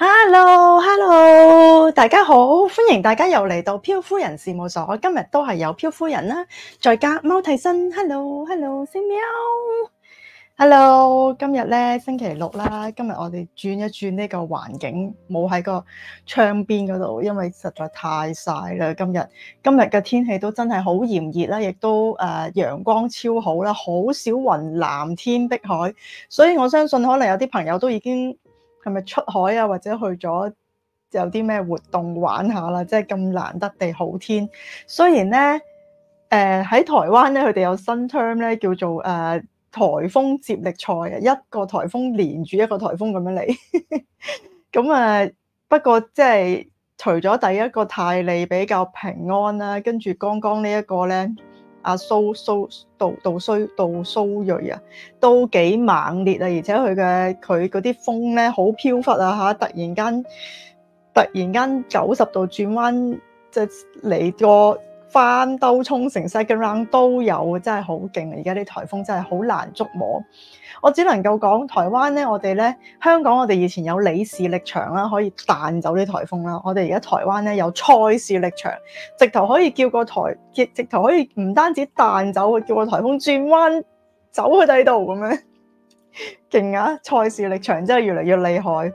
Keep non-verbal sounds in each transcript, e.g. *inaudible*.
Hello，Hello，hello, 大家好，歡迎大家又嚟到漂夫人事務所。我今日都係有漂夫人啦、啊，再加貓替身。Hello，Hello，喵 hello,，Hello，今日咧星期六啦。今日我哋轉一轉呢個環境，冇喺個窗邊嗰度，因為實在太晒啦。今日今日嘅天氣都真係好炎熱啦，亦都誒、呃、陽光超好啦，好少雲，藍天碧海。所以我相信可能有啲朋友都已經。係咪出海啊？或者去咗有啲咩活動玩下啦？即係咁難得地好天。雖然咧，誒、呃、喺台灣咧，佢哋有新 term 咧，叫做誒、呃、颱風接力賽啊，一個颱風連住一個颱風咁樣嚟。咁 *laughs* 啊，不過即、就、係、是、除咗第一個泰利比較平安啦、啊，跟住剛剛呢一個咧。阿、啊、蘇蘇杜杜衰杜蘇芮啊，都幾猛烈啊！而且佢嘅佢嗰啲風咧，好飄忽啊嚇、啊，突然間突然間九十度轉彎，即係嚟個翻兜沖繩 second round 都有，真係好勁啊！而家啲颱風真係好難捉摸。我只能夠講台灣咧，我哋咧香港，我哋以前有李氏力場啦，可以彈走啲颱風啦。我哋而家台灣咧有賽事力場，直頭可以叫個台，直頭可以唔單止彈走，叫個颱風轉彎走去第度咁樣勁啊！賽事力場真係越嚟越厲害。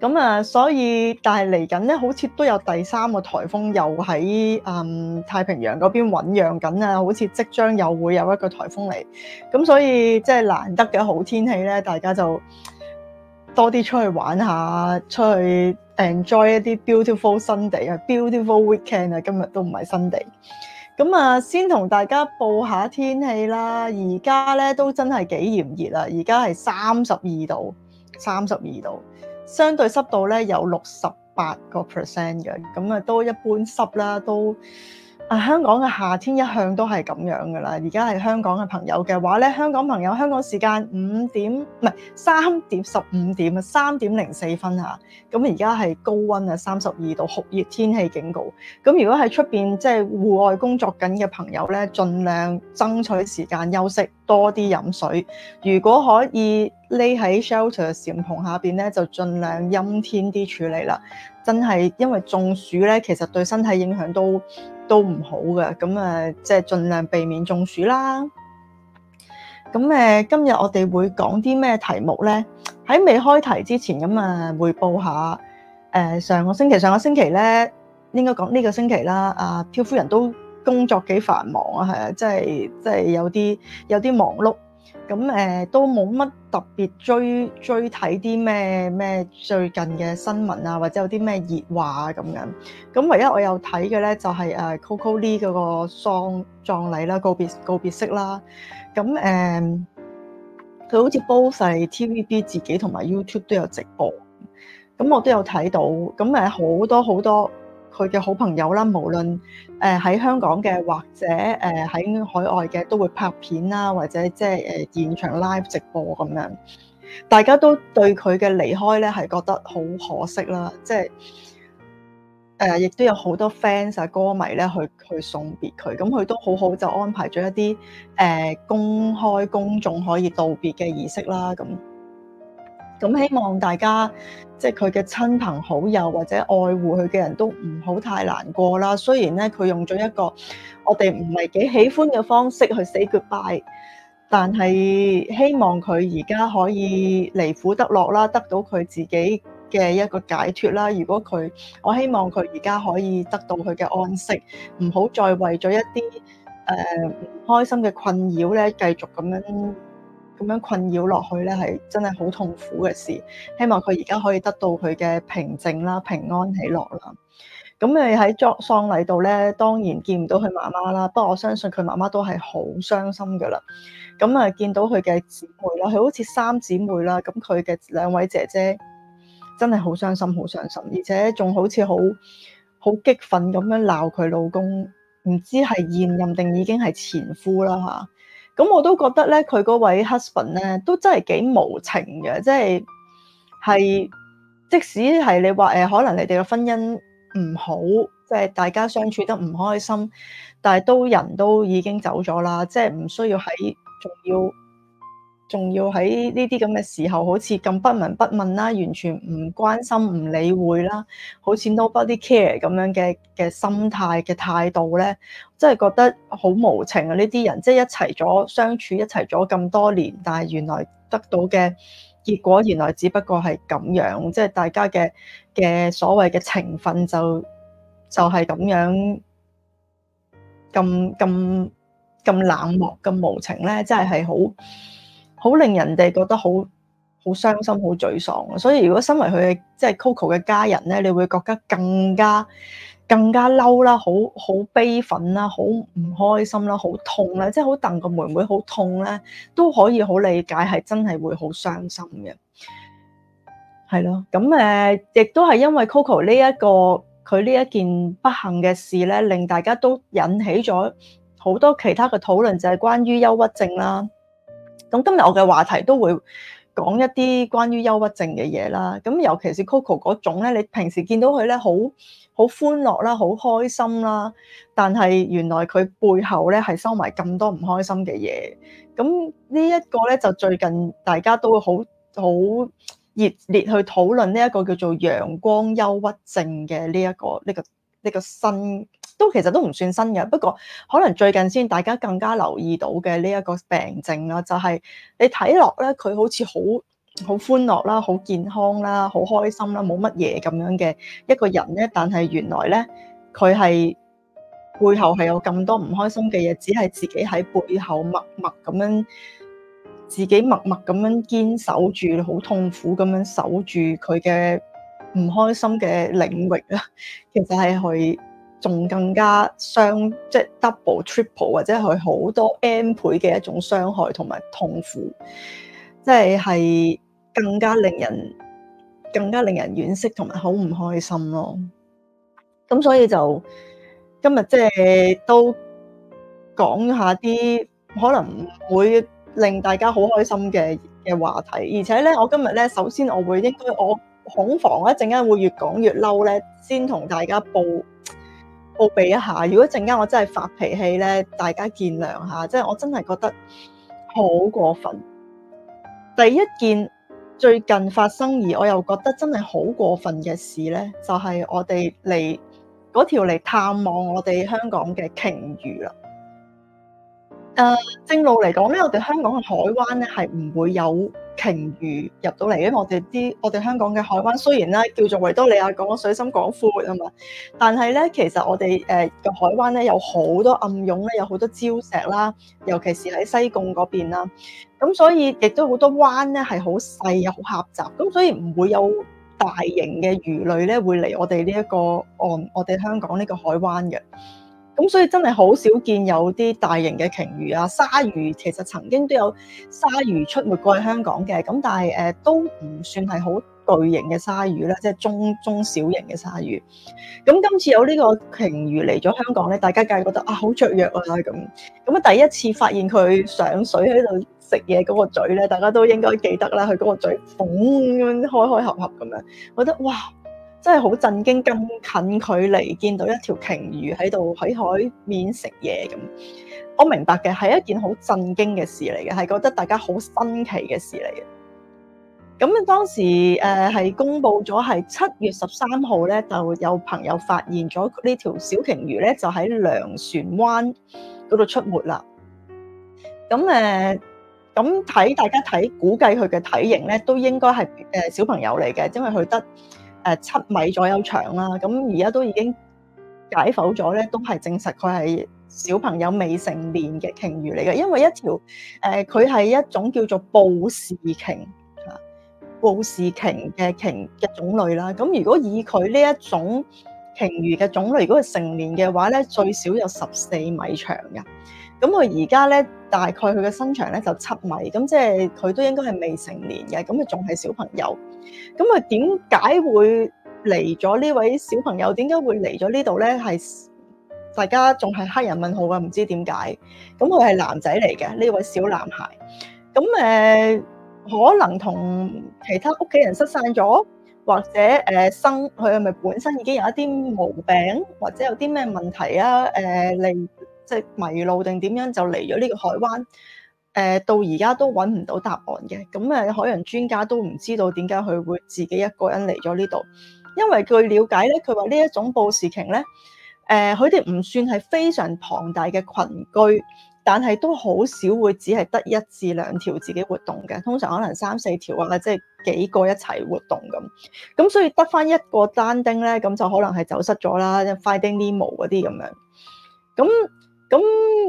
咁啊，所以但係嚟緊咧，好似都有第三個台風又喺嗯太平洋嗰邊醞釀緊啊，好似即將又會有一個台風嚟。咁所以即係難得嘅好天氣咧，大家就多啲出去玩下，出去 enjoy 一啲 beautiful Sunday 啊，beautiful weekend 啊。今日都唔係 Sunday 咁啊，先同大家報下天氣啦。而家咧都真係幾炎熱啊，而家係三十二度，三十二度。相對濕度咧有六十八個 percent 嘅，咁啊都一般濕啦，都啊香港嘅夏天一向都係咁樣噶啦。而家係香港嘅朋友嘅話咧，香港朋友香港時間五點唔係三點十五點啊，三點零四分吓。咁而家係高温啊，三十二度酷熱天氣警告。咁如果喺出邊即係戶外工作緊嘅朋友咧，盡量爭取時間休息，多啲飲水。如果可以。匿喺 shelter 蟬棚下邊咧，就盡量陰天啲處理啦。真係因為中暑咧，其實對身體影響都都唔好嘅。咁啊，即係盡量避免中暑啦。咁誒、呃，今日我哋會講啲咩題目咧？喺未開題之前，咁、嗯、啊，彙報下誒、呃、上個星期，上個星期咧應該講呢個星期啦。阿、啊、漂夫人都工作幾繁忙啊，係啊，即係真係有啲有啲忙碌。誒咁都冇乜特別追追睇啲咩咩最近嘅新聞啊，或者有啲咩熱話啊咁樣。咁唯一我有睇嘅咧就係誒 Coco Lee 嗰個喪葬禮啦，告別告別式啦。咁誒佢好似煲晒 TVB 自己同埋 YouTube 都有直播。咁我都有睇到。咁誒好多好多。佢嘅好朋友啦，無論誒喺香港嘅或者誒喺海外嘅，都會拍片啦，或者即係誒現場 live 直播咁樣，大家都對佢嘅離開咧係覺得好可惜啦，即係誒亦都有好多 fans 歌迷咧去去送別佢，咁佢都好好就安排咗一啲誒、呃、公開公眾可以道別嘅儀式啦，咁。咁希望大家即係佢嘅親朋好友或者愛護佢嘅人都唔好太難過啦。雖然咧佢用咗一個我哋唔係幾喜歡嘅方式去 say goodbye，但係希望佢而家可以離苦得樂啦，得到佢自己嘅一個解脫啦。如果佢，我希望佢而家可以得到佢嘅安息，唔好再為咗一啲誒唔開心嘅困擾咧，繼續咁樣。咁樣困擾落去咧，係真係好痛苦嘅事。希望佢而家可以得到佢嘅平靜啦、平安喜樂啦。咁誒喺葬喪禮度咧，當然見唔到佢媽媽啦。不過我相信佢媽媽都係好傷心㗎喇。咁誒見到佢嘅姊妹啦，佢好似三姊妹啦。咁佢嘅兩位姐姐真係好傷心、好傷心，而且仲好似好好激憤咁樣鬧佢老公，唔知係現任定已經係前夫啦嚇。咁我都覺得咧，佢嗰位 husband 咧，都真係幾無情嘅，即係係即使係你話誒，可能你哋嘅婚姻唔好，即係大家相處得唔開心，但係都人都已經走咗啦，即係唔需要喺仲要。仲要喺呢啲咁嘅時候，好似咁不聞不問啦，完全唔關心、唔理會啦，好似 nobody care 咁樣嘅嘅心態嘅態度咧，真係覺得好無情啊！呢啲人，即係一齊咗相處一齊咗咁多年，但係原來得到嘅結果，原來只不過係咁樣，即係大家嘅嘅所謂嘅情分就就係咁樣咁咁咁冷漠、咁無情咧，真係係好～好令人哋覺得好好傷心、好沮喪，所以如果身為佢即係 Coco 嘅家人咧，你會覺得更加更加嬲啦，好好悲憤啦，好唔開心啦，好痛啦，即係好戥個妹妹好痛咧，都可以好理解，係真係會好傷心嘅，係咯。咁誒，亦都係因為 Coco 呢一個佢呢一件不幸嘅事咧，令大家都引起咗好多其他嘅討論，就係關於憂鬱症啦。咁今日我嘅話題都會講一啲關於憂鬱症嘅嘢啦，咁尤其是 Coco 嗰種咧，你平時見到佢咧，好好歡樂啦，好開心啦，但係原來佢背後咧係收埋咁多唔開心嘅嘢，咁呢一個咧就最近大家都會好好熱烈去討論呢一個叫做陽光憂鬱症嘅呢一個呢、呢個呢、呢個新。都其實都唔算新嘅，不過可能最近先大家更加留意到嘅呢一個病症啦，就係你睇落咧，佢好似好好歡樂啦、好健康啦、好開心啦，冇乜嘢咁樣嘅一個人咧。但係原來咧，佢係背後係有咁多唔開心嘅嘢，只係自己喺背後默默咁樣，自己默默咁樣堅守住，好痛苦咁樣守住佢嘅唔開心嘅領域啦。其實係去。仲更加傷，即係 double、triple 或者佢好多 n 倍嘅一種傷害同埋痛苦，即係係更加令人更加令人惋惜，同埋好唔開心咯。咁所以就今日即係都講下啲可能會令大家好開心嘅嘅話題，而且咧，我今日咧首先我會應該我恐防一陣間會越講越嬲咧，先同大家報報備一下，如果陣間我真係發脾氣咧，大家見諒下，即係我真係覺得好過分。第一件最近發生而我又覺得真係好過分嘅事咧，就係我哋嚟嗰條嚟探望我哋香港嘅鯨魚啦。誒，正路嚟講咧，我哋香港嘅海灣咧係唔會有。鯨魚入到嚟，我哋啲我哋香港嘅海灣雖然咧叫做維多利亞港，水深港闊啊嘛，但係咧其實我哋誒嘅海灣咧有好多暗湧咧，有好多礁石啦，尤其是喺西貢嗰邊啦，咁所以亦都好多灣咧係好細又好狹窄，咁所以唔會有大型嘅魚類咧會嚟我哋呢一個岸，我哋香港呢個海灣嘅。咁所以真係好少見有啲大型嘅鯨魚啊，鯊魚其實曾經都有鯊魚出沒過去香港嘅，咁但係誒、呃、都唔算係好巨型嘅鯊魚啦，即係中中小型嘅鯊魚。咁今次有呢個鯨魚嚟咗香港咧，大家梗係覺得啊好雀躍啦咁。咁啊第一次發現佢上水喺度食嘢嗰個嘴咧，大家都應該記得啦，佢嗰個嘴拱咁樣開開合合咁樣，覺得哇！真係好震驚！咁近距離見到一條鯨魚喺度喺海面食嘢咁，我明白嘅係一件好震驚嘅事嚟嘅，係覺得大家好新奇嘅事嚟嘅。咁啊，當時誒係公佈咗係七月十三號咧，就有朋友發現咗呢條小鯨魚咧，就喺糧船灣嗰度出沒啦。咁誒，咁睇大家睇估計佢嘅體型咧，都應該係誒小朋友嚟嘅，因為佢得。誒七米左右長啦，咁而家都已經解剖咗咧，都係證實佢係小朋友未成年嘅鯨魚嚟嘅，因為一條誒佢係一種叫做布氏鯨，布氏鯨嘅鯨嘅種類啦。咁如果以佢呢一種鯨魚嘅種類，如果佢成年嘅話咧，最少有十四米長㗎。咁佢而家咧大概佢嘅身長咧就七米，咁即係佢都應該係未成年嘅，咁佢仲係小朋友。咁啊，點解會嚟咗呢位小朋友？點解會嚟咗呢度咧？係大家仲係黑人問號啊，唔知點解。咁佢係男仔嚟嘅呢位小男孩。咁誒、呃，可能同其他屋企人失散咗，或者誒、呃、生佢係咪本身已經有一啲毛病，或者有啲咩問題啊？誒、呃、嚟即係迷路定點樣就嚟咗呢個海灣？誒，到而家都揾唔到答案嘅，咁誒，海洋專家都唔知道點解佢會自己一個人嚟咗呢度。因為據了解咧，佢話呢一種布氏鯨咧，誒，佢哋唔算係非常龐大嘅群居，但係都好少會只係得一至兩條自己活動嘅，通常可能三四條啊，即、就、係、是、幾個一齊活動咁。咁所以得返一個單丁咧，咁就可能係走失咗啦 *noise* ，Finding Nemo 嗰啲咁樣。咁咁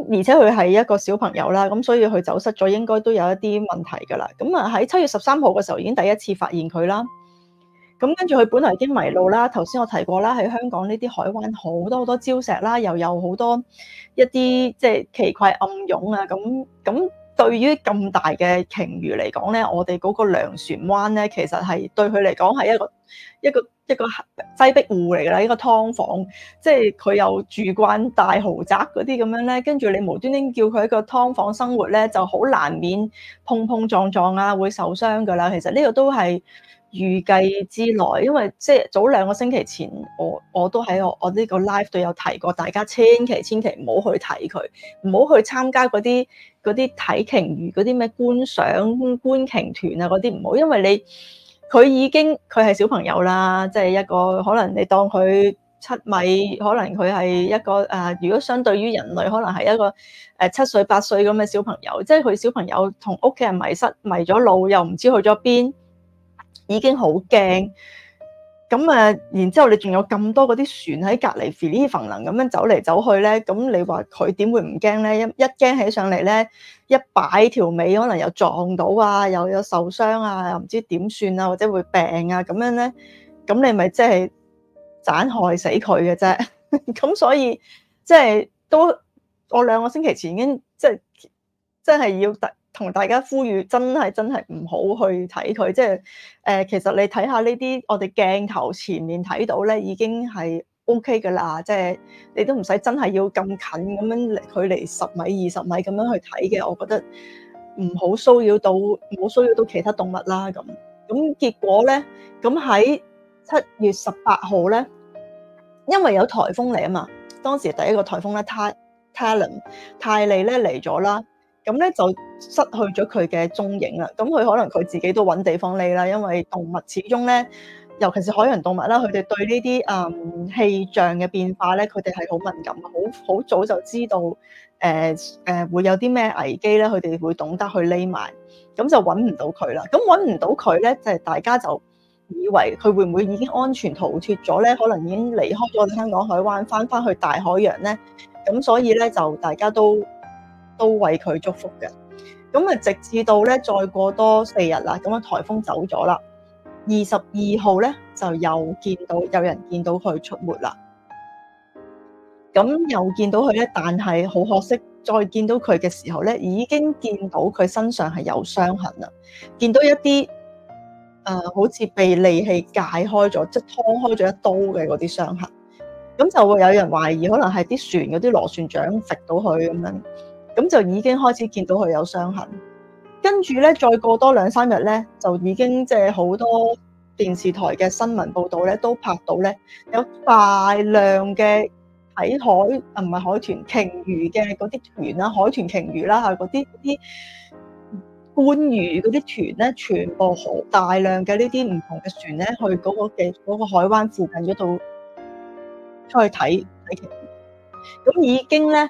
而且佢係一個小朋友啦，咁所以佢走失咗應該都有一啲問題㗎啦。咁啊喺七月十三號嘅時候已經第一次發現佢啦。咁跟住佢本來已經迷路啦。頭先我提過啦，喺香港呢啲海灣好多好多礁石啦，又有好多一啲即係奇怪暗湧啊，咁咁。對於咁大嘅鯨魚嚟講咧，我哋嗰個糧船灣咧，其實係對佢嚟講係一個一個一個擠逼戶嚟啦，一個劏房，即係佢又住慣大豪宅嗰啲咁樣咧，跟住你無端端叫佢一個㓥房生活咧，就好難免碰碰撞撞啊，會受傷噶啦。其實呢個都係。預計之內，因為即係早兩個星期前，我我都喺我我呢個 live 都有提過，大家千祈千祈唔好去睇佢，唔好去參加嗰啲嗰啲睇鯨魚嗰啲咩觀賞觀鯨團啊嗰啲唔好，因為你佢已經佢係小朋友啦，即係一個可能你當佢七米，可能佢係一個誒，如果相對於人類，可能係一個誒七歲八歲咁嘅小朋友，即係佢小朋友同屋企人迷失迷咗路，又唔知去咗邊。已經好驚，咁啊，然之後你仲有咁多嗰啲船喺隔離飛馳馮能咁樣走嚟走去咧，咁你話佢點會唔驚咧？一一驚起上嚟咧，一擺條尾可能又撞到啊，又有受傷啊，又唔知點算啊，或者會病啊咁樣咧，咁你咪即係盞害死佢嘅啫。咁 *laughs* 所以即係、即係、都我兩個星期前已經即係真係要突。同大家呼籲，真係真係唔好去睇佢，即係誒，其實你睇下呢啲我哋鏡頭前面睇到咧，已經係 OK 㗎啦，即係你都唔使真係要咁近咁樣距離十米二十米咁樣去睇嘅，我覺得唔好騷擾到唔好騷擾到其他動物啦。咁咁結果咧，咁喺七月十八號咧，因為有颱風嚟啊嘛，當時第一個颱風咧，泰泰利泰利咧，嚟咗啦。咁咧就失去咗佢嘅蹤影啦。咁佢可能佢自己都揾地方匿啦，因為動物始終咧，尤其是海洋動物啦，佢哋對呢啲、嗯、氣象嘅變化咧，佢哋係好敏感，好好早就知道誒、呃呃、會有啲咩危機咧，佢哋會懂得去匿埋，咁就揾唔到佢啦。咁揾唔到佢咧，就大家就以為佢會唔會已經安全逃脫咗咧？可能已經離開咗香港海灣，翻翻去大海洋咧。咁所以咧，就大家都，都為佢祝福嘅，咁啊，直至到咧再過多四日啦，咁啊，颱風走咗啦，二十二號咧就又見到有人見到佢出沒啦，咁又見到佢咧，但係好可惜，再見到佢嘅時候咧，已經見到佢身上係有傷痕啦，見到一啲誒、呃、好似被利器解開咗，即係劏開咗一刀嘅嗰啲傷痕，咁就會有人懷疑可能係啲船嗰啲螺旋槳劈到佢咁樣。咁就已經開始見到佢有傷痕，跟住咧再過多兩三日咧，就已經即係好多電視台嘅新聞報道咧，都拍到咧有大量嘅睇海啊，唔係海豚鯨魚嘅嗰啲船啦，海豚鯨魚啦，係嗰啲啲觀魚嗰啲船咧，全部好大量嘅呢啲唔同嘅船咧，去嗰個嘅嗰個海灣附近嗰度出去睇睇鯨魚，咁已經咧。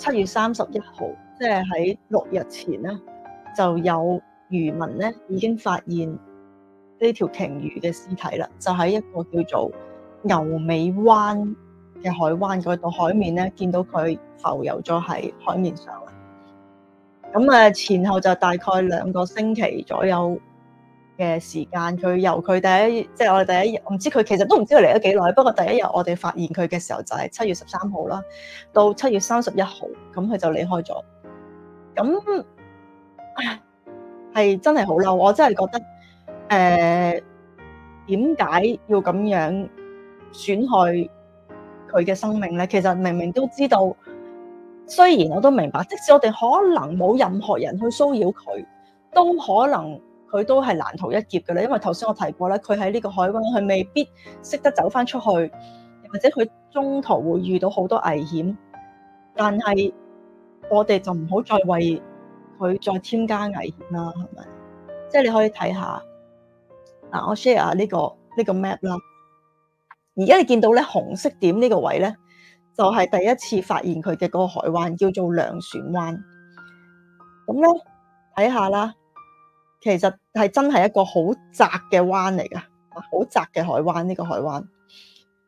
七月三十一號，即係喺六日前咧，就有漁民咧已經發現呢條鯨魚嘅屍體啦，就喺一個叫做牛尾灣嘅海灣嗰度海面咧，見到佢浮游咗喺海面上啦。咁誒，前後就大概兩個星期左右嘅時間，佢由佢第一，即係我哋第一日，唔知佢其實都唔知佢嚟咗幾耐。不過第一日我哋發現佢嘅時候就係七月十三號啦，到七月三十一號，咁佢就離開咗。咁係真係好嬲，我真係覺得，誒點解要咁樣損害佢嘅生命咧？其實明明都知道，雖然我都明白，即使我哋可能冇任何人去騷擾佢，都可能。佢都係難逃一劫嘅啦，因為頭先我提過咧，佢喺呢個海灣，佢未必識得走返出去，或者佢中途會遇到好多危險。但係我哋就唔好再為佢再添加危險啦，係咪？即係你可以睇下，啊，我 share 下呢、呢個呢、呢個 map 啦。而家你見到咧紅色點呢個位咧，就係、是、第一次發現佢嘅個海灣叫做糧船灣。咁咧睇下啦。其實係真係一個好窄嘅灣嚟噶，好窄嘅海灣，呢個海灣。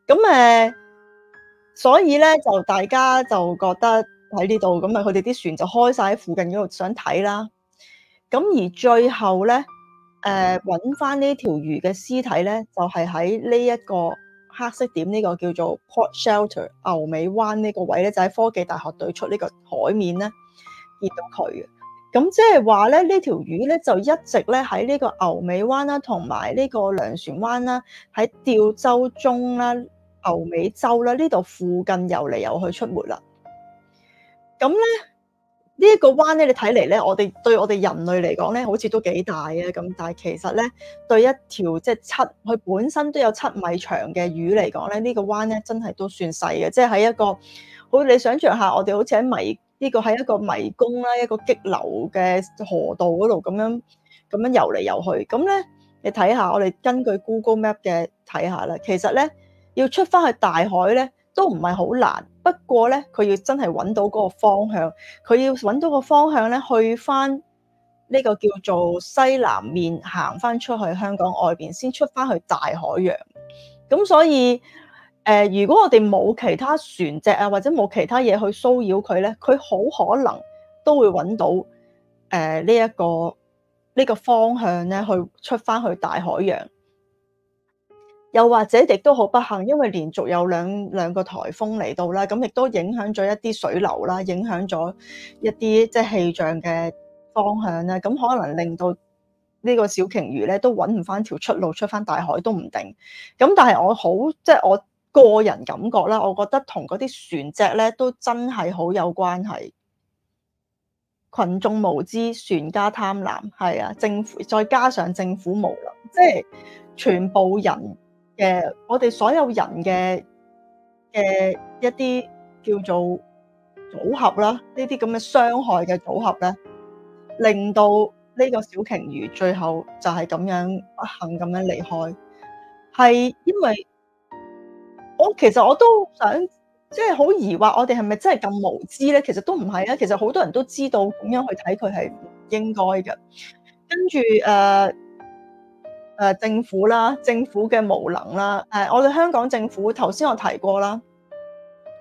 咁誒，所以咧就大家就覺得喺呢度，咁咪佢哋啲船就開晒喺附近嗰度想睇啦。咁而最後咧，誒揾翻呢條魚嘅屍體咧，就係喺呢一個黑色點呢個叫做 Port Shelter 牛尾灣呢個位咧，就喺科技大學對出呢個海面咧，見到佢嘅。咁即係話咧，條魚呢條魚咧就一直咧喺呢個牛尾灣啦，同埋呢個糧船灣啦，喺吊洲中啦、牛尾洲啦呢度附近游嚟游去出沒啦。咁咧呢一、這個灣咧，你睇嚟咧，我哋對我哋人類嚟講咧，好似都幾大啊。咁但係其實咧，對一條即係七，佢本身都有七米長嘅魚嚟講咧，這個、灣呢個灣咧真係都算細嘅，即係喺一個，好你想象下，我哋好似喺迷。呢個係一個迷宮啦，一個激流嘅河道嗰度咁樣咁樣游嚟游去，咁咧你睇下我哋根據 Google Map 嘅睇下啦。其實咧要出翻去大海咧都唔係好難，不過咧佢要真係揾到嗰個方向，佢要揾到個方向咧去翻呢個叫做西南面行翻出去香港外邊，先出翻去大海洋。咁所以。誒、呃，如果我哋冇其他船隻啊，或者冇其他嘢去騷擾佢咧，佢好可能都會揾到誒呢、呃、一個呢、呢個方向咧，去出翻去大海洋。又或者亦都好不幸，因為連續有兩兩個颱風嚟到啦，咁亦都影響咗一啲水流啦，影響咗一啲即係氣象嘅方向啦，咁可能令到呢個小鯨魚咧都揾唔翻條出路出翻大海都唔定。咁但係我好即係我。個人感覺啦，我覺得同嗰啲船隻咧都真係好有關係。群眾無知，船家貪婪，係啊，政府再加上政府無能，即係全部人嘅，我哋所有人嘅嘅一啲叫做組合啦，呢啲咁嘅傷害嘅組合咧，令到呢個小鯨魚最後就係咁樣不幸咁樣離開，係因為。我、哦、其實我都想，即係好疑惑，我哋係咪真係咁無知咧？其實都唔係啊，其實好多人都知道咁樣去睇佢係應該嘅。跟住誒誒政府啦，政府嘅無能啦，誒、呃、我哋香港政府頭先我提過啦。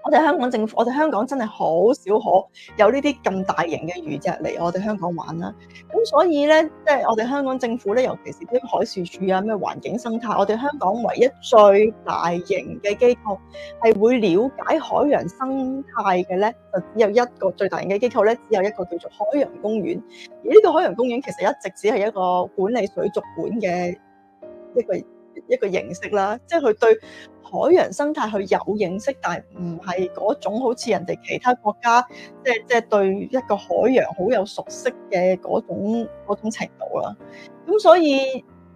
我哋香港政府，我哋香港真係好少可有呢啲咁大型嘅魚隻嚟我哋香港玩啦。咁所以咧，即係我哋香港政府咧，尤其是啲海事處啊、咩環境生態，我哋香港唯一最大型嘅機構，係會了解海洋生態嘅咧，就只有一個最大型嘅機構咧，只有一個叫做海洋公園，而呢個海洋公園其實一直只係一個管理水族館嘅一個。一個認識啦，即係佢對海洋生態佢有認識，但係唔係嗰種好似人哋其他國家，即係即係對一個海洋好有熟悉嘅嗰種嗰種程度啦。咁所以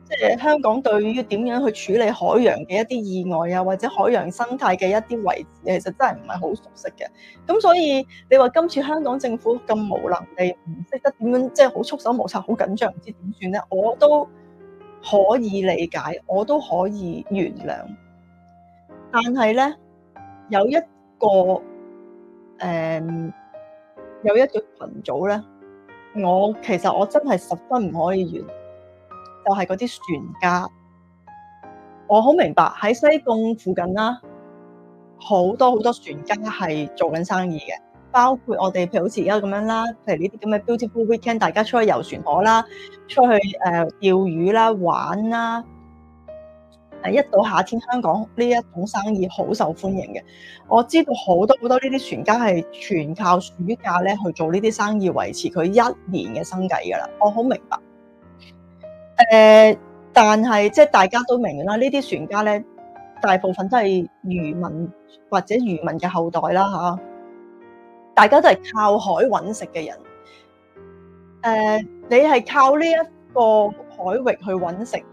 即係、就是、香港對於點樣去處理海洋嘅一啲意外啊，或者海洋生態嘅一啲位置，其實真係唔係好熟悉嘅。咁所以你話今次香港政府咁無能力，唔識得點樣即係好束手無策，好緊張，唔知點算咧？我都可以理解，我都可以原諒，但係咧有一個誒、嗯、有一個群組咧，我其實我真係十分唔可以原，就係嗰啲船家。我好明白喺西貢附近啦，好多好多船家係做緊生意嘅。包括我哋，譬如好似而家咁樣啦，譬如呢啲咁嘅 beautiful weekend，大家出去遊船河啦，出去誒釣魚啦、玩啦，係一到夏天，香港呢一種生意好受歡迎嘅。我知道好多好多呢啲船家係全靠暑假咧去做呢啲生意維持佢一年嘅生計噶啦。我好明白。誒、呃，但係即係大家都明啦，呢啲船家咧，大部分都係漁民或者漁民嘅後代啦，嚇。大家都係靠海揾食嘅人，誒，你係靠呢一個海域去揾食，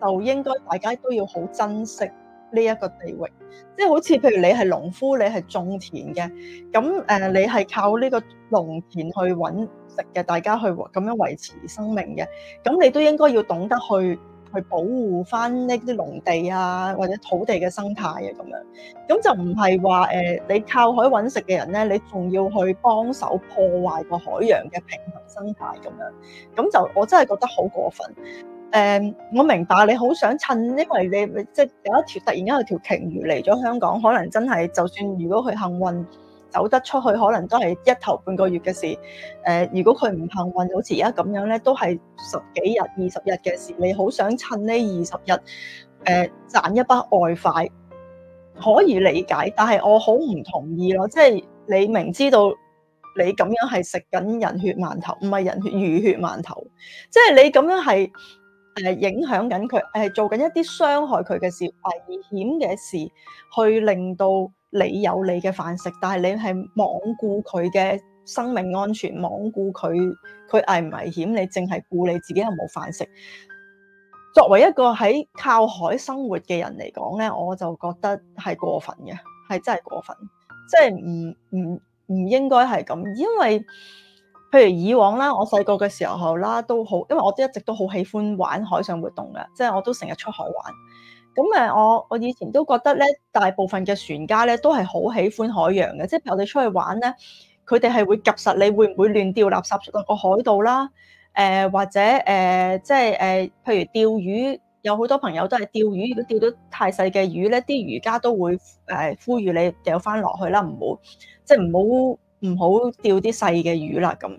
就應該大家都要好珍惜呢一個地域。即係好似譬如你係農夫，你係種田嘅，咁誒，你係靠呢個農田去揾食嘅，大家去咁樣維持生命嘅，咁你都應該要懂得去。去保護翻呢啲農地啊，或者土地嘅生態啊，咁樣咁就唔係話誒，你靠海揾食嘅人咧，你仲要去幫手破壞個海洋嘅平衡生態咁樣，咁就我真係覺得好過分。誒、呃，我明白你好想趁，因為你即係、就是、有一條突然間有條鯨魚嚟咗香港，可能真係就算如果佢幸運。走得出去可能都係一頭半個月嘅事。誒，如果佢唔幸運，好似而家咁樣咧，都係十幾日、二十日嘅事。你好想趁呢二十日誒賺一筆外快，可以理解，但係我好唔同意咯。即係你明知道你咁樣係食緊人血饅頭，唔係人血魚血饅頭。即係你咁樣係誒影響緊佢，係做緊一啲傷害佢嘅事、危險嘅事，去令到。你有你嘅飯食，但係你係罔顧佢嘅生命安全，罔顧佢佢危唔危險，你淨係顧你自己有冇飯食。作為一個喺靠海生活嘅人嚟講咧，我就覺得係過分嘅，係真係過分，即係唔唔唔應該係咁。因為譬如以往啦，我細個嘅時候啦，都好，因為我都一直都好喜歡玩海上活動嘅，即係我都成日出海玩。咁誒，我我以前都覺得咧，大部分嘅船家咧都係好喜歡海洋嘅，即係譬如我哋出去玩咧，佢哋係會及實你會唔會亂掉垃圾落個海度啦，誒、呃、或者誒、呃、即係誒、呃，譬如釣魚，有好多朋友都係釣魚，如果釣到太細嘅魚咧，啲漁家都會誒呼籲你掉翻落去啦，唔好即係唔好唔好釣啲細嘅魚啦咁。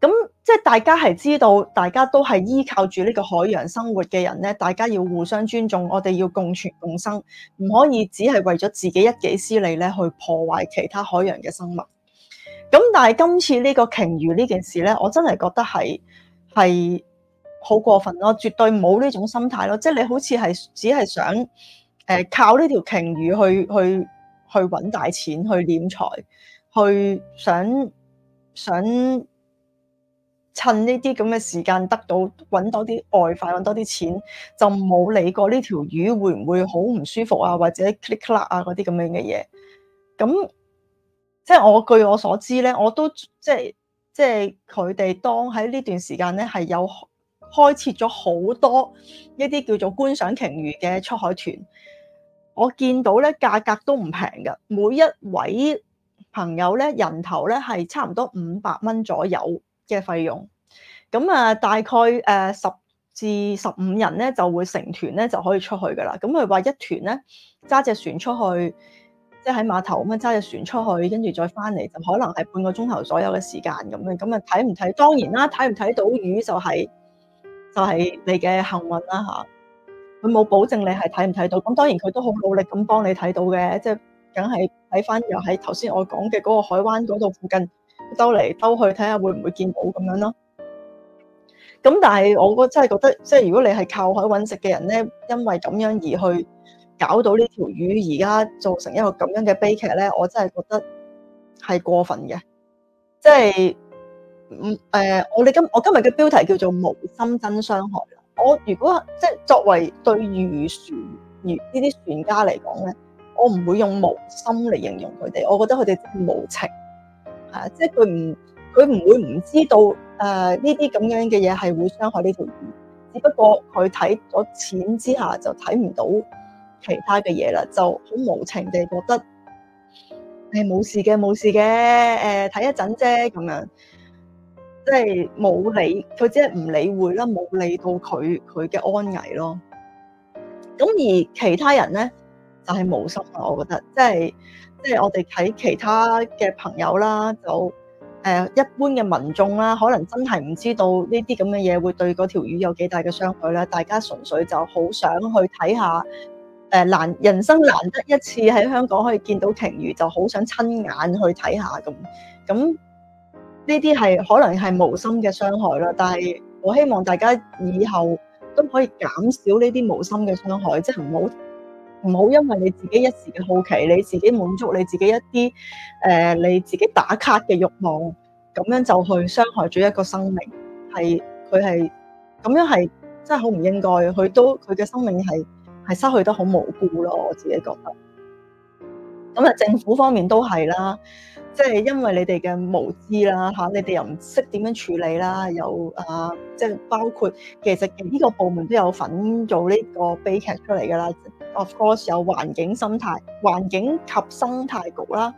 咁即係大家係知道，大家都係依靠住呢個海洋生活嘅人咧，大家要互相尊重，我哋要共存共生，唔可以只係為咗自己一己私利咧去破壞其他海洋嘅生物。咁但係今次呢個鯨魚呢件事咧，我真係覺得係係好過分咯，絕對冇呢種心態咯，即係你好似係只係想誒靠呢條鯨魚去去去搵大錢，去斂財，去想想。趁呢啲咁嘅時間，得到揾多啲外快，揾多啲錢，就冇理過呢條魚會唔會好唔舒服啊，或者 click click 啊嗰啲咁樣嘅嘢。咁即係我據我所知咧，我都即係即係佢哋當喺呢段時間咧係有開設咗好多一啲叫做觀賞鯨魚嘅出海團。我見到咧價格都唔平㗎，每一位朋友咧人頭咧係差唔多五百蚊左右嘅費用，咁啊大概誒十至十五人咧就會成團咧就可以出去噶啦。咁佢話一團咧揸隻船出去，即係喺碼頭咁樣揸隻船出去，跟住再翻嚟就可能係半個鐘頭左右嘅時間咁樣。咁啊睇唔睇當然啦，睇唔睇到魚就係就係你嘅幸運啦嚇。佢冇保證你係睇唔睇到。咁當然佢都好努力咁幫你睇到嘅，即係梗係喺翻又喺頭先我講嘅嗰個海灣嗰度附近。兜嚟兜去睇下會唔會見到咁樣咯。咁但係我真係覺得，即係如果你係靠海搵食嘅人咧，因為咁樣而去搞到呢條魚而家造成一個咁樣嘅悲劇咧，我真係覺得係過分嘅。即係唔誒，我哋今我今日嘅標題叫做無心真傷害。我如果即係作為對漁船魚呢啲船家嚟講咧，我唔會用無心嚟形容佢哋，我覺得佢哋真係無情。即係佢唔佢唔會唔知道誒呢啲咁樣嘅嘢係會傷害呢條魚，只不過佢睇咗錢之下就睇唔到其他嘅嘢啦，就好無情地覺得誒冇事嘅冇事嘅，誒睇一陣啫咁樣，即係冇理佢，只係唔理會啦，冇理到佢佢嘅安危咯。咁而其他人咧，就係無心啊，我覺得即係。即係我哋睇其他嘅朋友啦，就誒一般嘅民眾啦，可能真係唔知道呢啲咁嘅嘢會對嗰條魚有幾大嘅傷害啦。大家純粹就好想去睇下，誒難人生難得一次喺香港可以見到鯨魚，就好想親眼去睇下咁。咁呢啲係可能係無心嘅傷害啦，但係我希望大家以後都可以減少呢啲無心嘅傷害，即係唔好。唔好，因為你自己一時嘅好奇，你自己滿足你自己一啲誒、呃，你自己打卡嘅欲望，咁樣就去傷害咗一個生命，係佢係咁樣係真係好唔應該，佢都佢嘅生命係係失去得好無辜咯，我自己覺得。咁啊，政府方面都係啦，即係因為你哋嘅無知啦，吓你哋又唔識點樣處理啦，又，啊，即係包括其實呢個部門都有份做呢個悲劇出嚟噶啦。of course 有環境生態環境及生態局啦，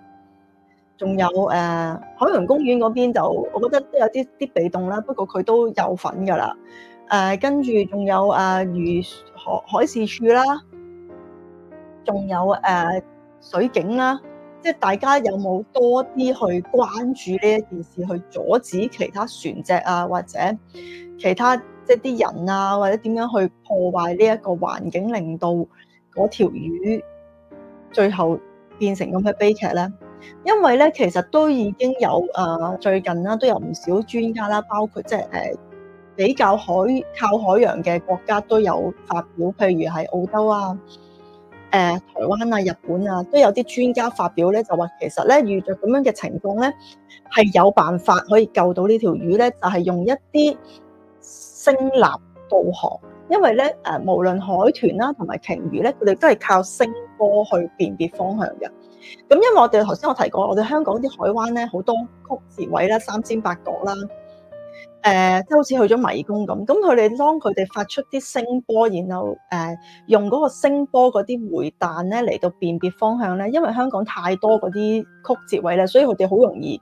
仲有誒、呃、海洋公園嗰邊就，我覺得都有啲啲被動啦。不過佢都有份㗎啦誒，跟住仲有誒漁、呃、海海事處啦，仲有誒、呃、水警啦，即、就、係、是、大家有冇多啲去關注呢一件事，去阻止其他船隻啊，或者其他即係啲人啊，或者點樣去破壞呢一個環境領導，令到，嗰條魚最後變成咁嘅悲劇咧，因為咧其實都已經有誒最近啦，都有唔少專家啦，包括即係誒比較海靠海洋嘅國家都有發表，譬如係澳洲啊、誒台灣啊、日本啊，都有啲專家發表咧，就話其實咧遇著咁樣嘅情況咧，係有辦法可以救到呢條魚咧，就係用一啲聲納導航。因為咧，誒無論海豚啦，同埋鯨魚咧，佢哋都係靠聲波去辨別方向嘅。咁因為我哋頭先我提過，我哋香港啲海灣咧好多曲折位啦、三尖八角啦，誒、呃、即好似去咗迷宮咁。咁佢哋當佢哋發出啲聲波，然後誒、呃、用嗰個聲波嗰啲回彈咧嚟到辨別方向咧。因為香港太多嗰啲曲折位咧，所以佢哋好容易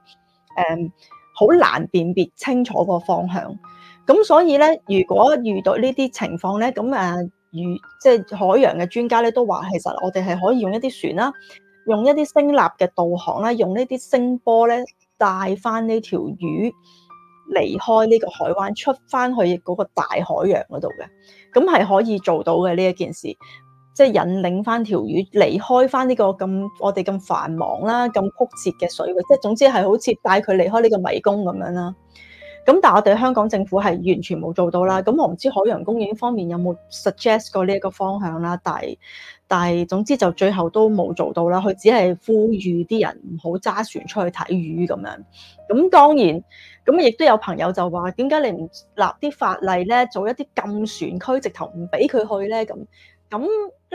誒好、呃、難辨別清楚個方向。咁所以咧，如果遇到呢啲情況咧，咁誒，魚即係海洋嘅專家咧，都話其實我哋係可以用一啲船啦，用一啲聲納嘅導航啦，用呢啲聲波咧帶翻呢條魚離開呢個海灣，出翻去嗰個大海洋嗰度嘅，咁係可以做到嘅呢一件事，即係引領翻條魚離開翻呢個咁我哋咁繁忙啦、咁曲折嘅水域，即係總之係好似帶佢離開呢個迷宮咁樣啦。咁但係我哋香港政府係完全冇做到啦。咁我唔知海洋公園方面有冇 suggest 過呢一個方向啦。但係但係總之就最後都冇做到啦。佢只係呼籲啲人唔好揸船出去睇魚咁樣。咁當然咁亦都有朋友就話：點解你唔立啲法例咧？做一啲禁船區，直頭唔俾佢去咧咁。咁呢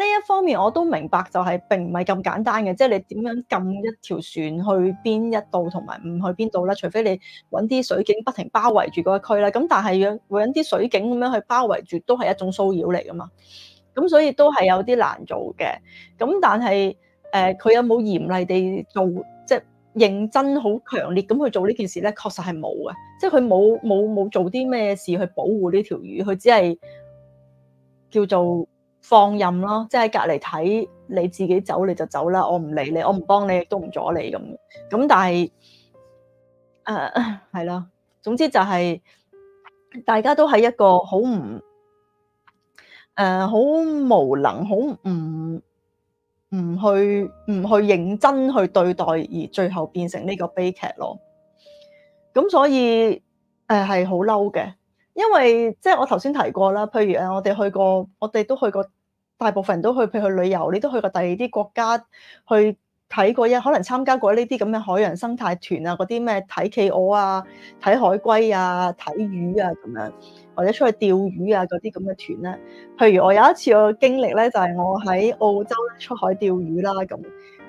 一方面我都明白，就係並唔係咁簡單嘅，即係你點樣撳一條船去邊一度，同埋唔去邊度咧？除非你揾啲水警不停包圍住嗰一區啦。咁但係用揾啲水警咁樣去包圍住，都係一種騷擾嚟㗎嘛。咁所以都係有啲難做嘅。咁但係誒，佢有冇嚴厲地做，即係認真、好強烈咁去做呢件事咧？確實係冇嘅，即係佢冇冇冇做啲咩事去保護呢條魚，佢只係叫做，放任咯，即係喺隔籬睇你自己走你就走啦，我唔理你，我唔幫你亦都唔阻你咁。咁但係，誒係咯，總之就係、是、大家都係一個好唔誒好無能，好唔唔去唔去認真去對待，而最後變成呢個悲劇咯。咁所以誒係好嬲嘅。呃是很因為即係我頭先提過啦，譬如誒，我哋去過，我哋都去過，大部分人都去譬去旅遊，你都去過第二啲國家去睇過一，可能參加過呢啲咁嘅海洋生態團啊，嗰啲咩睇企鵝啊、睇海龜啊、睇魚啊咁樣，或者出去釣魚啊嗰啲咁嘅團咧。譬如我有一次我嘅經歷咧，就係我喺澳洲出海釣魚啦，咁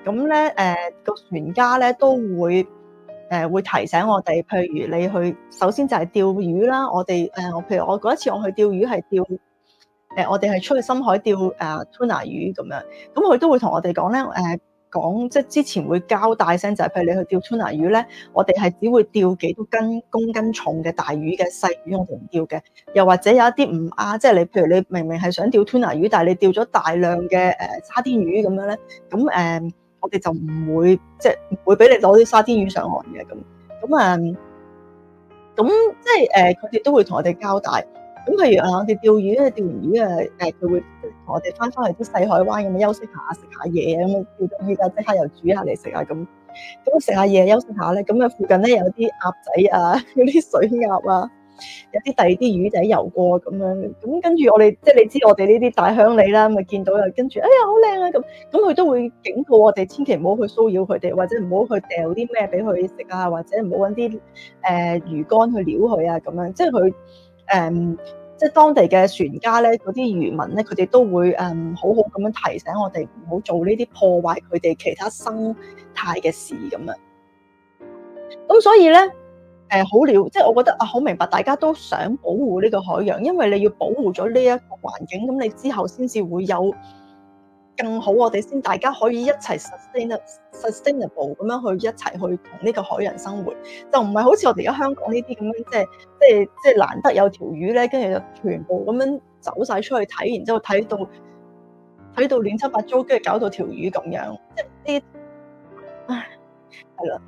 咁咧誒個船家咧都會。誒會提醒我哋，譬如你去首先就係釣魚啦，我哋誒、呃，譬如我嗰一次我去釣魚係釣誒、呃，我哋係出去深海釣誒吞、呃、拿魚咁樣，咁佢都會同我哋講咧，誒、呃、講即係之前會交大聲，就係、是、譬如你去釣吞拿魚咧，我哋係只會釣幾多斤公斤重嘅大魚嘅細魚，我哋唔釣嘅。又或者有一啲唔啱，即係你譬如你明明係想釣吞拿魚，但係你釣咗大量嘅誒沙甸魚咁樣咧，咁誒。呃我哋就唔會即係唔會俾你攞啲沙甸魚上岸嘅咁咁啊，咁、嗯、即係誒，佢、呃、哋都會同我哋交代。咁譬如啊，我哋釣魚咧，釣完魚啊，誒、呃、佢會同我哋翻翻去啲細海灣咁樣休息下，食下嘢啊咁。到咗依家即刻又煮下嚟食啊咁，咁食下嘢休息下咧，咁啊附近咧有啲鴨仔啊，嗰啲水鴨啊。有啲第二啲魚仔游過咁樣，咁跟住我哋即係你知我哋呢啲大鄉里啦，咪見到又跟住，哎呀好靚啊咁，咁佢都會警告我哋，千祈唔好去騷擾佢哋，或者唔好去掉啲咩俾佢食啊，或者唔好搵啲誒魚竿去撩佢啊，咁樣即係佢誒，即係、嗯、當地嘅船家咧，嗰啲漁民咧，佢哋都會誒、嗯、好好咁樣提醒我哋唔好做呢啲破壞佢哋其他生態嘅事咁啊，咁所以咧。誒，好了，即係我覺得啊，好明白，大家都想保護呢個海洋，因為你要保護咗呢一個環境，咁你之後先至會有更好。我哋先大家可以一齊 sustainable 咁樣去一齊去同呢個海洋生活，就唔係好似我哋而家香港呢啲咁樣，即係即係即係難得有條魚咧，跟住就全部咁樣走晒出去睇，然之後睇到睇到亂七八糟，跟住搞到條魚咁樣，即係啲，係咯。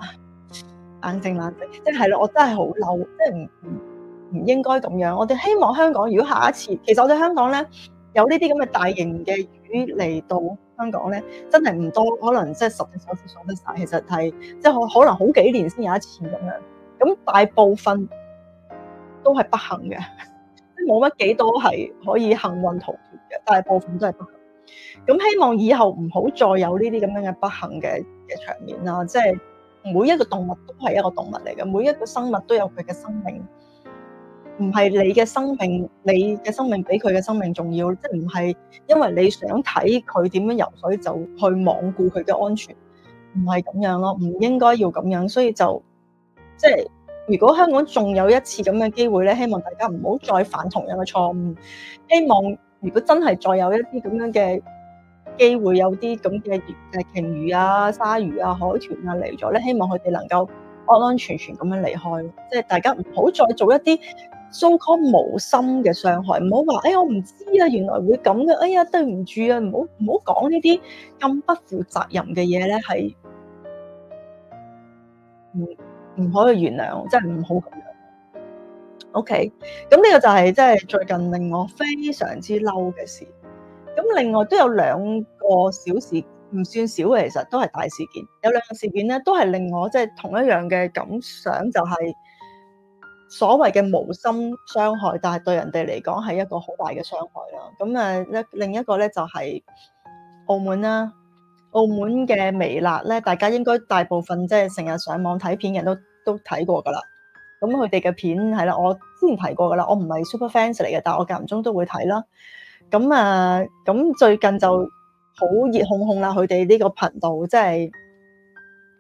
冷靜冷靜，即係咯，我真係好嬲，即係唔唔唔應該咁樣。我哋希望香港，如果下一次，其實我哋香港咧有呢啲咁嘅大型嘅魚嚟到香港咧，真係唔多，可能即係十隻手指數得晒。其實係即係可能好幾年先有一次咁樣。咁大部分都係不幸嘅，即冇乜幾多係可以幸運逃脫嘅，大部分都係不幸的。咁希望以後唔好再有呢啲咁樣嘅不幸嘅嘅場面啦，即係。每一個動物都係一個動物嚟嘅，每一個生物都有佢嘅生命，唔係你嘅生命，你嘅生命比佢嘅生命重要，即係唔係因為你想睇佢點樣游水就去罔顧佢嘅安全，唔係咁樣咯，唔應該要咁樣，所以就即係如果香港仲有一次咁嘅機會咧，希望大家唔好再犯同樣嘅錯誤，希望如果真係再有一啲咁樣嘅機會有啲咁嘅鯨魚啊、鯊魚啊、海豚啊嚟咗咧，希望佢哋能夠安安全全咁樣離開。即係大家唔好再做一啲糟糕無心嘅傷害，唔好話哎呀我唔知啊，原來會咁嘅，哎呀對唔住啊，唔好唔好講呢啲咁不負責任嘅嘢咧，係唔唔可以原諒，即係唔好咁樣。OK，咁呢個就係即係最近令我非常之嬲嘅事。咁另外都有兩個小事件，唔算少嘅，其實都係大事件。有兩個事件咧，都係令我即係、就是、同一樣嘅感想，就係、是、所謂嘅無心傷害，但係對人哋嚟講係一個好大嘅傷害啦。咁誒，一另一個咧就係、是、澳門啦。澳門嘅微辣咧，大家應該大部分即係成日上網睇片嘅人都都睇過噶啦。咁佢哋嘅片係啦，我之前提過噶啦，我唔係 super fans 嚟嘅，但係我間唔中都會睇啦。咁啊，咁最近就好熱烘烘啦，佢哋呢個頻道，即係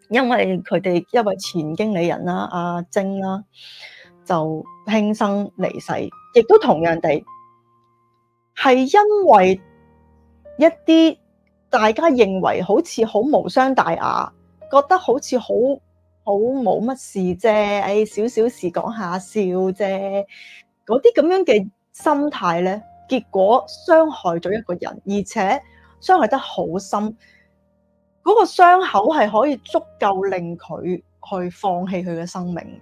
因為佢哋因為前經理人啦，阿晶啦，就輕生離世，亦都同樣地係因為一啲大家認為好似好無傷大雅，覺得好似好好冇乜事啫，誒，少少事講下笑啫，嗰啲咁樣嘅心態咧。結果傷害咗一個人，而且傷害得好深，嗰、那個傷口係可以足夠令佢去放棄佢嘅生命。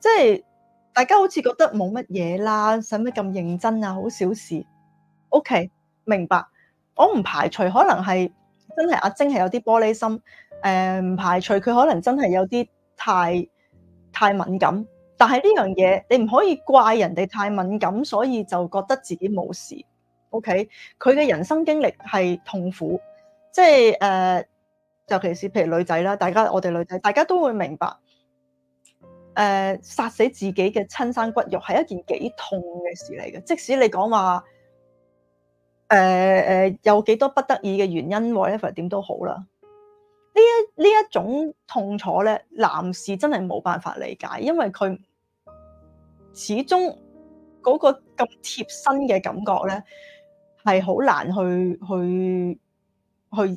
即係大家好似覺得冇乜嘢啦，使乜咁認真啊？好小事。OK，明白。我唔排除可能係真係阿晶係有啲玻璃心，誒、呃、唔排除佢可能真係有啲太太敏感。但係呢樣嘢，你唔可以怪人哋太敏感，所以就覺得自己冇事。OK，佢嘅人生經歷係痛苦，即係誒，呃、就尤其是譬如女仔啦，大家我哋女仔，大家都會明白，誒、呃，殺死自己嘅親生骨肉係一件幾痛嘅事嚟嘅。即使你講話，誒、呃、誒，有幾多不得已嘅原因，whatever 點都好啦。呢一呢一種痛楚咧，男士真係冇辦法理解，因為佢。始終嗰個咁貼身嘅感覺咧，係好難去去去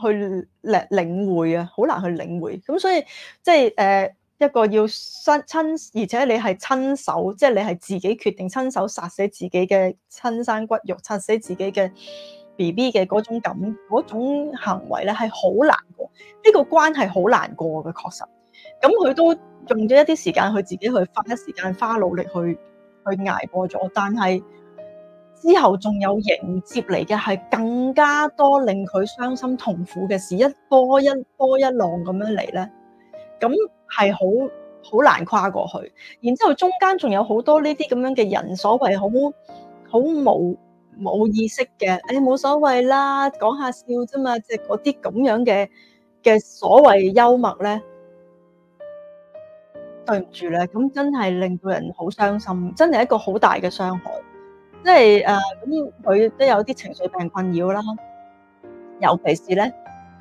去領領會啊，好難去領會。咁所以即係誒一個要親親，而且你係親手，即係你係自己決定親手殺死自己嘅親生骨肉，殺死自己嘅 B B 嘅嗰種感覺，嗰種行為咧係好難過，呢個關係好難過嘅，確實。咁佢都。用咗一啲時間去自己去花一時間花努力去去捱過咗，但係之後仲有迎接嚟嘅係更加多令佢傷心痛苦嘅事，一波一波一浪咁樣嚟咧，咁係好好難跨過去。然之後中間仲有好多呢啲咁樣嘅人所謂好好無無意識嘅，誒、哎、冇所謂啦，講下笑啫嘛，即係嗰啲咁樣嘅嘅所謂幽默咧。對唔住咧，咁真係令到人好傷心，真係一個好大嘅傷害。即係誒，咁佢都有啲情緒病困擾啦。尤其是咧，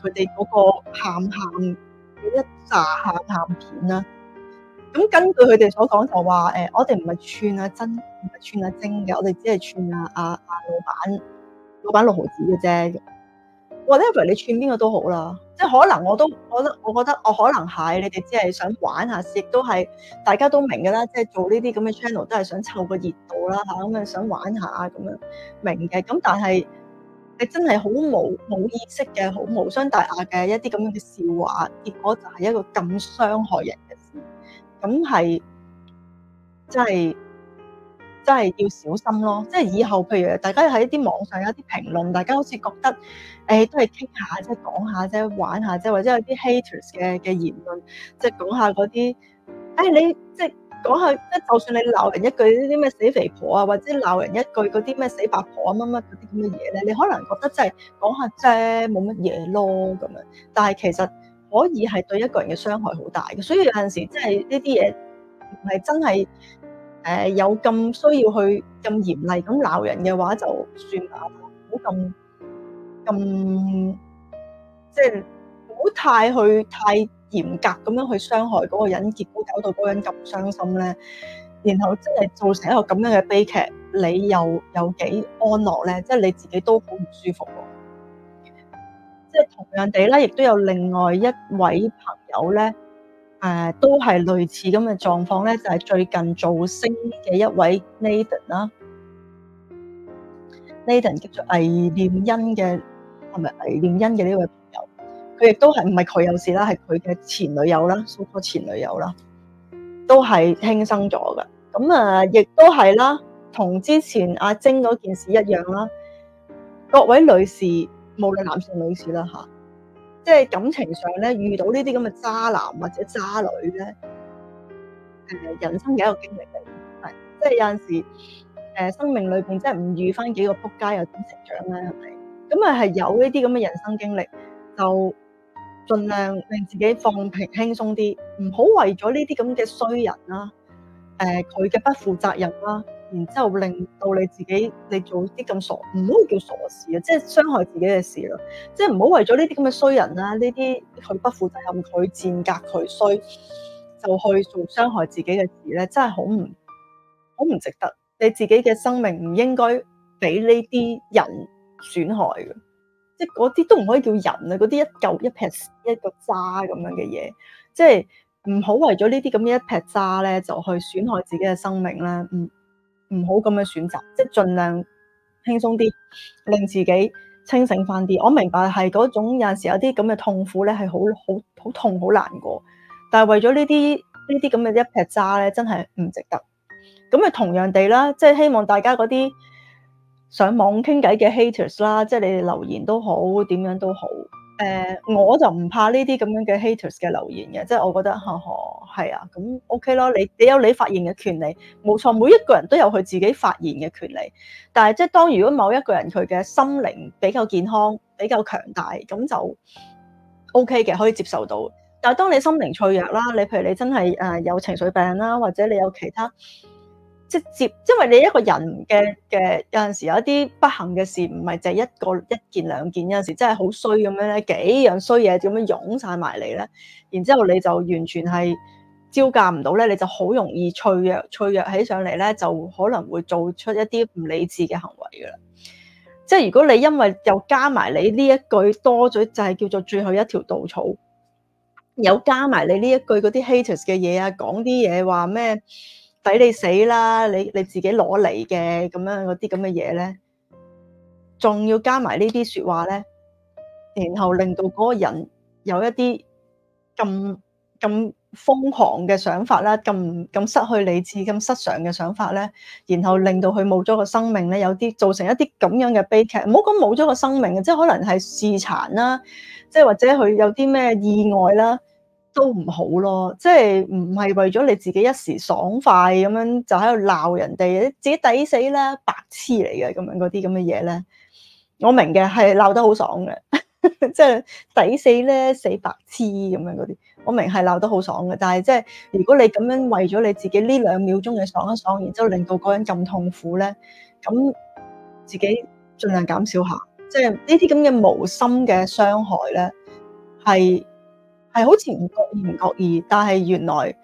佢哋嗰個喊喊嗰一紮喊喊片啦。咁根據佢哋所講就話誒、呃，我哋唔係串啊，真唔係串啊晶嘅，我哋只係串啊啊啊老，老闆老闆六毫子嘅啫。Whatever 你串邊個都好啦，即係可能我都，我我覺得我可能係你哋只係想玩下，亦都係大家都明㗎啦，即係做呢啲咁嘅 channel 都係想湊個熱度啦嚇，咁樣想玩下咁樣明嘅，咁但係你真係好冇冇意識嘅，好無傷大雅嘅一啲咁樣嘅笑話，結果就係一個咁傷害人嘅事，咁係真係。真係要小心咯！即係以後，譬如大家喺一啲網上有啲評論，大家好似覺得誒、欸、都係傾下、即係講下啫、玩下啫，或者有啲 haters 嘅嘅言論，即係講下嗰啲誒你即係講下，即係就算你鬧人一句呢啲咩死肥婆啊，或者鬧人一句嗰啲咩死八婆啊乜乜嗰啲咁嘅嘢咧，你可能覺得即、就、係、是、講下啫，冇乜嘢咯咁樣。但係其實可以係對一個人嘅傷害好大嘅，所以有陣時即係呢啲嘢唔係真係。誒有咁需要去咁嚴厲咁鬧人嘅話，就算啦，唔好咁咁，即係唔好太去太嚴格咁樣去傷害嗰個人，結果搞到嗰個人咁傷心咧。然後真係造成一個咁樣嘅悲劇，你又有幾安樂咧？即係你自己都好唔舒服。即係同樣地咧，亦都有另外一位朋友咧。誒、呃、都係類似咁嘅狀況咧，就係、係、最近造星嘅一位 Nathan 啦，Nathan 叫做魏念恩嘅，係咪魏念恩嘅呢位朋友？佢亦都係唔係佢有事啦，係佢嘅前女友啦，蘇哥前女友係、啊、係啦，都係輕生咗嘅。咁啊，亦都係啦，同之前阿晶嗰件事一樣啦。各位女士，無論男性女士啦吓。即、就、係、感情上咧，遇到呢啲咁嘅渣男或者渣女咧，誒，人生嘅一個經歷嚟，係即係有陣時，誒、呃，生命裏邊真係唔遇翻幾個仆街，又點成長咧？係咪？咁啊，係有呢啲咁嘅人生經歷，就盡量令自己放平輕鬆啲，唔好為咗呢啲咁嘅衰人啦、啊，誒、呃，佢嘅不負責任啦、啊。然之後令到你自己，你做啲咁傻，唔好叫傻事啊！即係傷害自己嘅事咯。即係唔好為咗呢啲咁嘅衰人啦，呢啲佢不負責任、佢賤格、佢衰，就去做傷害自己嘅事咧，真係好唔好唔值得。你自己嘅生命唔應該俾呢啲人損害嘅。即係嗰啲都唔可以叫人啊，嗰啲一嚿一撇一個渣咁樣嘅嘢，即係唔好為咗呢啲咁嘅一撇渣咧，就去損害自己嘅生命啦。嗯。唔好咁嘅選擇，即係盡量輕鬆啲，令自己清醒翻啲。我明白係嗰種有陣時有啲咁嘅痛苦咧，係好好好痛好難過。但係為咗呢啲呢啲咁嘅一撇渣咧，真係唔值得。咁啊，同樣地啦，即係希望大家嗰啲上網傾偈嘅 haters 啦，即係你哋留言都好，點樣都好。誒，我就唔怕呢啲咁樣嘅 haters 嘅留言嘅，即係我覺得，呵呵，係啊，咁 OK 咯。你你有你發言嘅權利，冇錯，每一個人都有佢自己發言嘅權利。但係即係當如果某一個人佢嘅心靈比較健康、比較強大，咁就 OK 嘅，可以接受到。但係當你心靈脆弱啦，你譬如你真係誒有情緒病啦，或者你有其他。直接，因為你一個人嘅嘅有陣時有一啲不幸嘅事，唔係就一個一件兩件，有陣時真係好衰咁樣咧，幾樣衰嘢咁樣湧晒埋嚟咧，然之後你就完全係招架唔到咧，你就好容易脆弱，脆弱起上嚟咧，就可能會做出一啲唔理智嘅行為噶啦。即係如果你因為又加埋你呢一句多咗，就係叫做最後一條稻草，又加埋你呢一句嗰啲 haters 嘅嘢啊，講啲嘢話咩？抵你死啦！你你自己攞嚟嘅咁樣嗰啲咁嘅嘢咧，仲要加埋呢啲説話咧，然後令到嗰個人有一啲咁咁瘋狂嘅想法啦，咁咁失去理智、咁失常嘅想法咧，然後令到佢冇咗個生命咧，有啲造成一啲咁樣嘅悲劇。唔好講冇咗個生命嘅，即係可能係自殘啦，即係或者佢有啲咩意外啦。都唔好咯，即係唔係為咗你自己一時爽快咁樣就喺度鬧人哋，自己抵死咧，白痴嚟嘅咁樣嗰啲咁嘅嘢咧。我明嘅係鬧得好爽嘅， *laughs* 即係抵死咧，死白痴咁樣嗰啲。我明係鬧得好爽嘅，但係即係如果你咁樣為咗你自己呢兩秒鐘嘅爽一爽，然之後令到嗰人咁痛苦咧，咁自己盡量減少一下，即係呢啲咁嘅無心嘅傷害咧，係。係好似唔覺意唔覺意，但係原來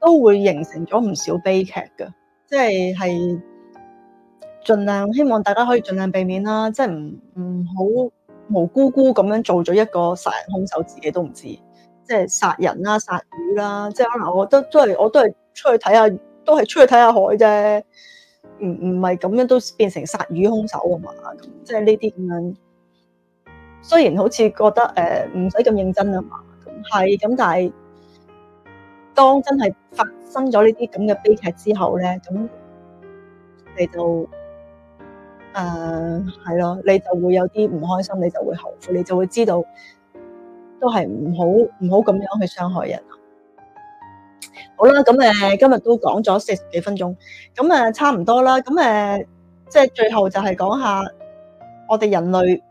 都會形成咗唔少悲劇噶，即係係盡量希望大家可以盡量避免啦，即係唔唔好無辜辜咁樣做咗一個殺人凶手，自己都唔知，即係殺人啦、啊、殺魚啦、啊，即、就、係、是、可能我都都係我都係出去睇下，都係出去睇下海啫，唔唔係咁樣都變成殺魚凶手啊嘛，即係呢啲咁樣，雖然好似覺得誒唔使咁認真啊嘛。係咁，但係當真係發生咗呢啲咁嘅悲劇之後咧，咁你就誒係咯，你就會有啲唔開心，你就會後悔，你就會知道都係唔好唔好咁樣去傷害人。好啦，咁誒今日都講咗四十幾分鐘，咁誒差唔多啦，咁誒即係最後就係講下我哋人類。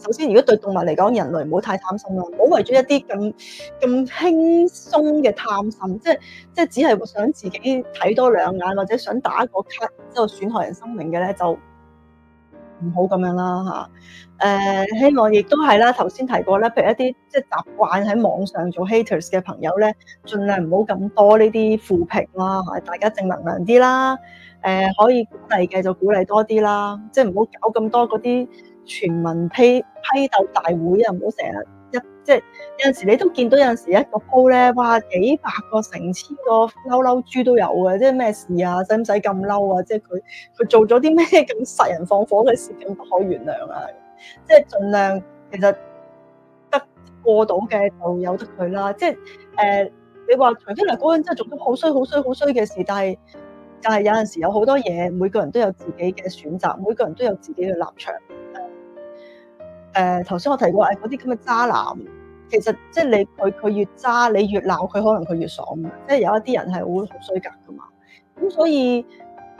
首先，如果對動物嚟講，人類唔好太貪心啦，唔好為咗一啲咁咁輕鬆嘅貪心，即係即係只係想自己睇多看兩眼，或者想打一個卡之後損害人生命嘅咧，就唔好咁樣啦嚇。誒、呃，希望亦都係啦。頭先提過咧，譬如一啲即係習慣喺網上做 Haters 嘅朋友咧，盡量唔好咁多呢啲負評啦，係大家正能量啲啦。誒、呃，可以鼓勵嘅就鼓勵多啲啦，即係唔好搞咁多嗰啲。全民批批鬥大會啊，唔好成日一即係、就是、有陣時你都見到，有陣時一個 po 咧，哇，幾百個成千個嬲嬲豬都有嘅，即係咩事啊？使唔使咁嬲啊？即係佢佢做咗啲咩咁殺人放火嘅事情，不可原諒啊？即係盡量其實得過到嘅就由得佢啦。即係誒，你話除非嗱嗰個人真係做咗好衰好衰好衰嘅事，但係但係有陣時有好多嘢，每個人都有自己嘅選擇，每個人都有自己嘅立場。誒頭先我提過誒嗰啲咁嘅渣男，其實即係你佢佢越渣，你越鬧佢，可能佢越爽。即係有一啲人係會好衰格噶嘛。咁所以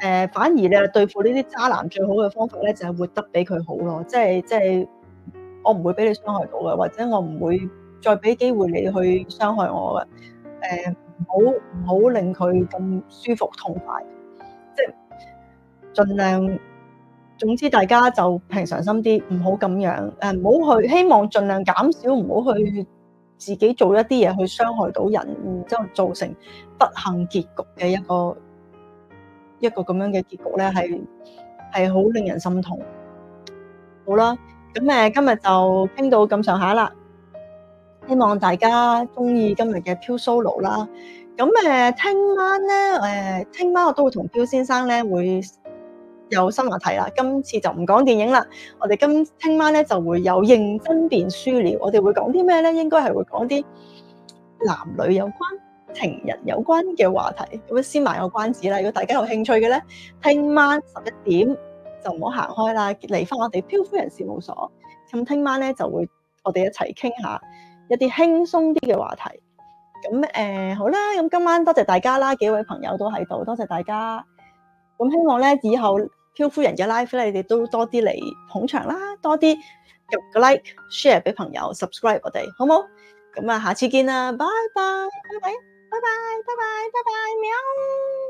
誒，反而你係對付呢啲渣男最好嘅方法咧，就係活得比佢好咯。即係即係我唔會俾你傷害到嘅，或者我唔會再俾機會你去傷害我嘅。誒，唔好唔好令佢咁舒服痛快，即係盡量。總之，大家就平常心啲，唔好咁樣，誒，唔好去，希望儘量減少，唔好去自己做一啲嘢去傷害到人，然之後造成不幸結局嘅一個一個咁樣嘅結局咧，係係好令人心痛。好啦，咁誒今日就傾到咁上下啦，希望大家中意今日嘅漂 solo 啦。咁誒，聽晚咧，誒，聽晚我都會同漂先生咧會。有新話題啦，今次就唔講電影啦。我哋今聽晚咧就會有認真辨輸了。我哋會講啲咩咧？應該係會講啲男女有關、情人有關嘅話題。咁先埋個關子啦。如果大家有興趣嘅咧，聽晚十一點就唔好行開啦，嚟返我哋漂夫人事務所。咁聽晚咧就會我哋一齊傾下一啲輕鬆啲嘅話題。咁誒、呃、好啦，咁今晚多謝大家啦，幾位朋友都喺度，多謝大家。咁希望咧以後，漂夫人嘅 live 咧，你哋都多啲嚟捧場啦，多啲入個 like、share 俾朋友、subscribe 我哋，好唔好？咁啊，下次見啦，拜拜，拜拜，拜拜，拜拜，拜拜，喵～